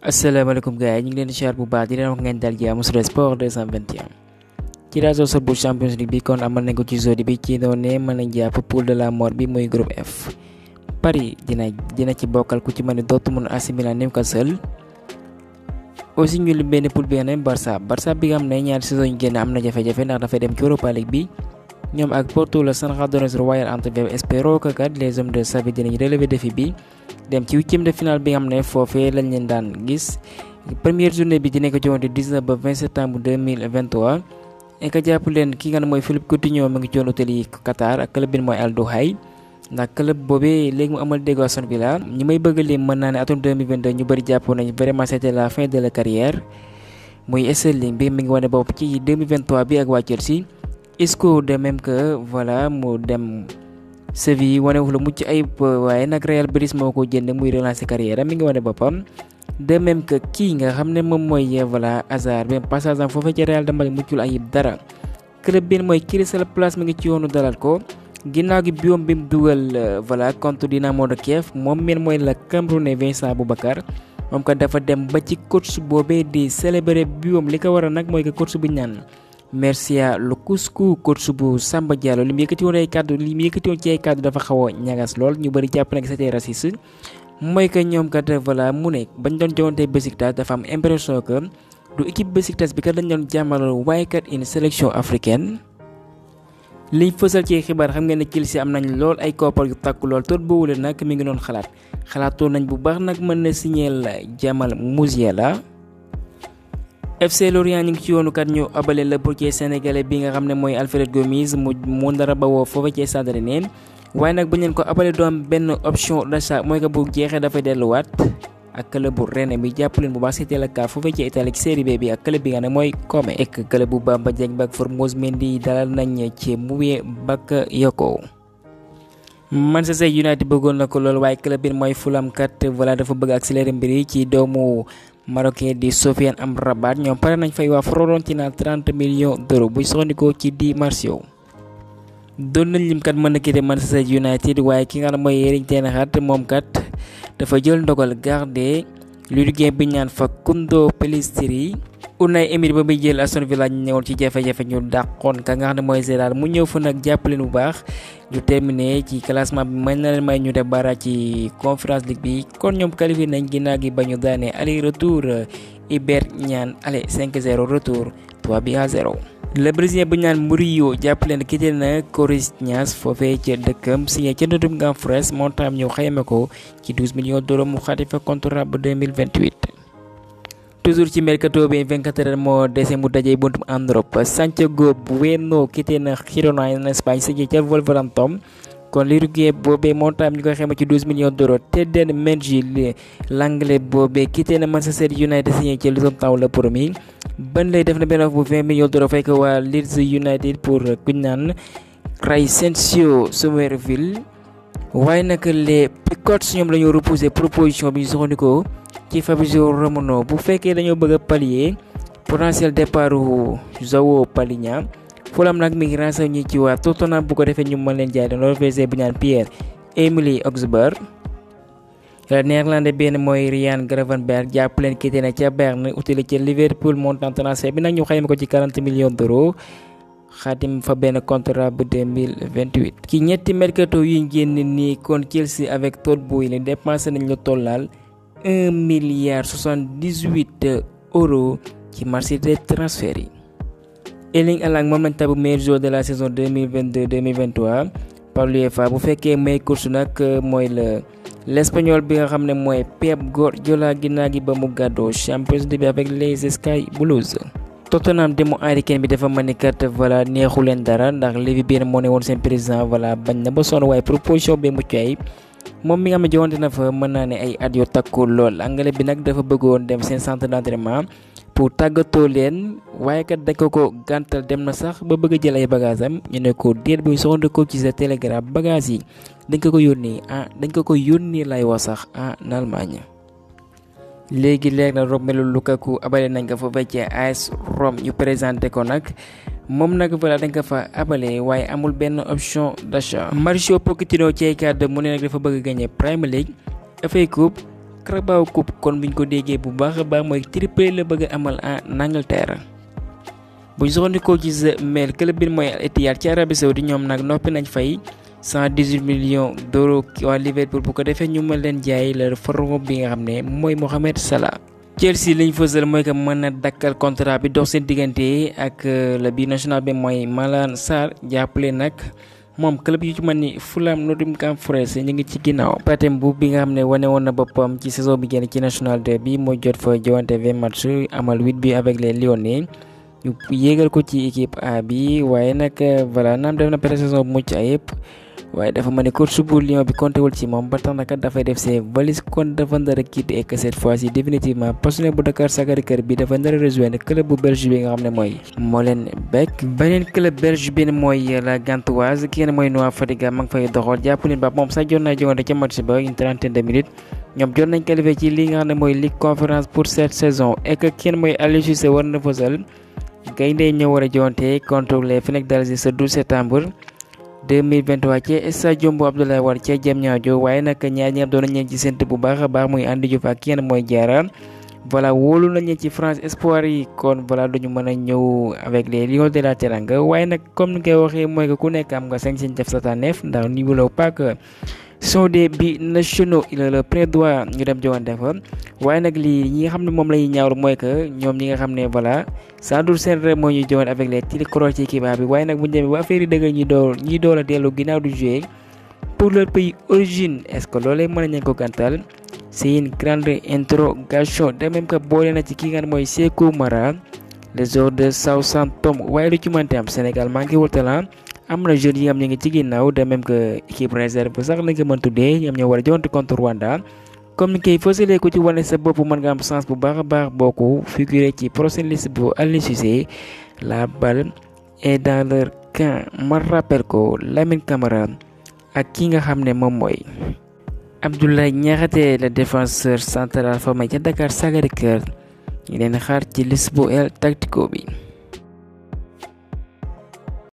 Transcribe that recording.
Assalamualaikum guys, ini ngi leen di siyaar bu baax di leen wax ngeen dal jaamu sport champions league bi aman nego nañ di ci ne bi ci noone mën F Paris dina dina ci bokkal ku ci mën Dortmund AC Milan Newcastle aussi ñu lim benn poule bi nga Barça Barça bi nga ne ñaari saison yu génn am na jafe-jafe ndax dafay dem ci Europa League bi ñoom ak Porto la San Royal Antwerp espero que les hommes de relever bi dem ci huitième de finale bi nga xam ne foofee lañ leen daan gis première journée bi dina ko joxoon di 19 ba 20 septembre 2023 et que jàpp leen ki nga ne mooy Philippe ndax club boobee léegi mu amal déggoo Aston ñi may bëgg lim mën naa ne atum ñu bëri jàppoon nañu vraiment c'était la fin de la carrière muy Sterling bi mi ngi wane bopp ci bi ak waa Chelsea Isco de même que voilà mu dem. yi Séville wanewul mucc ayib waaye nag Real Betis moo ko jënd muy relancer carrière mi ngi wane boppam de même que kii nga xam ne moom mooy voilà Hazard même passage am foofee ci Real de Madrid muccul dara. club bi mooy Crystal Palace mi ngi ci yoonu dalal ko ginnaaw gi biom bi mu dugal voilà contre Dynamo de Kiev moom meen mooy la Camerounais bu Boubacar moom kat dafa dem ba ci coach boobee di célébrer biom li ko waral nag mooy que coach bu ñaan. Mercia Lukusku kursubu Samba Diallo limi mu yëkkati woon ay kàddu li mu woon ci ay kàddu dafa xaw a ñagas lool ñu bëri jàpp nag c'était raciste mooy que ñoom kat voilà mu ne bañ doon Besiktas dafa am impression que du équipe Besiktas bi kat dañ doon jàmmalal waaye kat une sélection africaine liñ fësal ci xibaar xam ngeen ne kilsi am nañ lool ay koppar yu takku lool tot nag mi ngi xalaat xalaatoon nañ bu baax nag mën na Jamal Musiala FC Lorient ñu ngi ci yoonu kat ñu abale la portier sénégalais bi nga xam ne mooy Alfred Gomis mu mu ndara bawoo foofa ci Stade Rennais waaye nag bu ñu ko abale doom benn option d'achat mooy que bu jeexee dafay delluwaat ak club bu Rennes bi jàpp leen bu baax si teel a kaa foofee ci Italie ci Série B bi ak club bi nga ne mooy Como ek club bu Bamba Dieng ba ak Formose Mendy dalal nañ ci Mouye Bakayoko Manchester United bëggoon na ko lool waaye club mooy Fulham kat dafa bëgg accélérer mbir yi ci doomu marocain di Sofiane Amrabat ñoom pare nañ fay waa Fiorentina 30 millions d'euros bu soxandikoo ci Di Marzio doon nañ lim kat mën a quitter Manchester United waaye ki nga xam mooy Erik ten Hag moom kat dafa jël ndogal garder. Uruguay bi ñaan fa kundo Pelistri Unai Emir ba bi jël Aston Villa ñewon ci jafé jafé ñu dàqoon ka nga xam moy mooy Gérard mu ñew fu nak jàpp leen bu baax ñu terminé ci classement bi mën na leen may ñu débara ci conférence league bi kon ñom qualifié nañ ginaa gi bañu ñu aller retour Iber ñaan aller 5-0 retour 3 0. le brésilien bu ñu naan Murillo jàppaleen quitté na Corinthians foofee ca dëkkam signé ca Nottingham Forest montam ñu xayma ko ci 12 millions d'euros mu xaati fa contrat ba 2028. toujours ci mercato bi 24 heures moo dese mu dajee buntum en Europe Santiago Bueno quitté na Girona en Espagne signé ca Wolverhampton kon l'Uruguay boobee montam ñu koy xayma ci 12 millions d'euros Teden Menji l'anglais boobee quitté na Manchester United signé ca Luton Town la promis. Burnley def na benn offre bu 20 millions d'euros fekk waa Leeds United pour kuñ naan Crescencio Somerville waaye nag les Pickfords ñoom la ñu repousé proposition bi ñu soxandikoo ci Fabrizio Romano bu fekkee dañoo bëgg a pallier potentiel départ João Palhinha Fulham nag mi ngi renseigné ci waa Tottenham bu ko defee ñu mën leen jaay dañoo refusé bu ñaan Pierre-Emile Højbjerg le euh, néerlandais benn mooy Ryan Gravenberch jàppaleen quitté na ca Berne utile ca Liverpool montant transfert bi nag ñu xayma ko ci 40 millions d'euros xaatim fa benn contrat bu 2028. ci ñetti mercato yu génn nii kon Chelsea avec Todd Boehly dépensé nañ la tollaal 1 milliard 78 euros ci marché des transferts yi. Erling Haaland moom lañ tabu meilleur joueur de la saison 2022 2023 par l'UEFA bu fekkee Michael Sunak euh, mooy la. L'Espagnol bi nga xam ne mooy Pep Guardiola ginnaaw gi ba mu gàddoo Champions League avec les Sky Blues. Tottenham demu Harry Kane bi dafa mel ni kat voilà neexu leen dara ndax Levy Biel moo ne woon seen président voilà bañ na ba sonn waaye proposition bi mucc ayib moom mi nga xam ne joxante na fa mën naa ne ay at yu takku lool angale bi nag dafa bëggoon dem seen centre d'entraînement pour tàggatoo leen waaye kat dañ ko ko gàntal dem na sax ba bëgg jël ay bagages am ñu ne ko déet buy soxandikoo ci sa Telegram bagages yi dañ ko ko yónnee ah dañ ko ko yónnee lay wax sax ah en Allemagne. léegi leer na Romelu Lukaku abale nañ ko fa ci AS Rome ñu présenté ko nag moom nag voilà dañ ko fa abale waaye amul benn option d'achat. Mauricio Pochettino ci ay kàddu mu ne nag dafa bëgg a gagné League FA Coupe Carabao Cup kon buñ ko déggee bu baax a baax mooy triplé la bëgg amal en Angleterre. bu ñu soxandikoo ci The Mail club bi mooy Al Ittihad ci Arabie Saoudi ñoom nag noppi nañ fay 118 millions d'euros waa pour bu ko defee ñu mën leen jaay la forme bi nga xam ne mooy Mohamed Salah. Chelsea liñ fësal mooy que mën na dakkal contrat bi dox seen diggante ak euh, la bi national bi mooy Malang Sarr jàppale nag. moom club yu ci mel ni Fulham Nottingham Forest ñu ngi ci ginnaaw patem bu bi nga xam ne wane woon na boppam ci saison bi génn ci national 2 bi moo jot fa jowante 20 match amal 8 bi avec les Lyonnais ñu yéegal ko ci équipe A bi waaye nag voilà naam def na pré-saison bu mucc waaye dafa ma ne coach bu Lyon bi compté wul ci moom ba tax naka dafay def ses valises kon dafa nar a quitter et que cette fois ci définitivement passionné bu Dakar Sacré-Cœur bi dafa nar a club bu belge bi nga xam ne mooy Molenbeek beneen club belge bi mooy la Gantoise ki nga ne mooy Noah Fadiga ma ngi fay doxal jàpp ni ba moom sax jot naa jongante ca match ba une trentaine de minutes ñoom jot nañ qualifié ci li nga xam ne mooy Ligue Conférence pour cette saison et que kenn mooy Aliou Cissé war a jonte contre les Fenech d'Alger 2023 ci stade Jombo Abdoulaye Wade ca Diamniadio waaye nag ñaar ñaar doon nañu ci sént bu baax a baax muy Andy Diouf ak kenn mooy Diarra voilà wóolu nañu ci France espoir yi kon voilà dañu mën a ñëw avec les lions de la Teranga waaye nag comme ni koy waxee mooy que ku nekk am nga sañ-sañ def sa tànneef ndax ni wulaw paak sont des binationaux il a le plein droit ñu dem joŋante fa waaye nag lii ñi nga xam ne moom la ñuy ñaawlu mooy que ñoom ñi nga xam ne voilà sans doute seen rêve moo ñuy joŋante avec les tilikoro ci kibaar bi waaye nag bu ñu demee ba affaire yi dëgg ñuy door ñuy door a dellu ginnaaw du jouer pour leur pays origine est-ce que loolee mën nañ ko gàntal c'est une grande interrogation de même que boole na ci kii nga xam mooy Sékou Mara les joueurs de Southampton waaye lu ci mënti am Sénégal manqué wul talent Amna jeune yi nga ngi ci ginnaw de même que équipe réserve sax nga mën tuddee ñam ñoo wara a contre Rwanda comme ni koy fësalee ko ci wone sa bopp mën nga am chance bu baax baax boku figuré ci prochaine liste bu Aliou Cissé la balle est dans leur camp ma rappelle ko Lamine Camara ak ki nga xamné mom moy Abdoulaye Niakhaté le défenseur central formé ci Dakar Sacré-Cœur leen xaar ci liste bu el tactico bi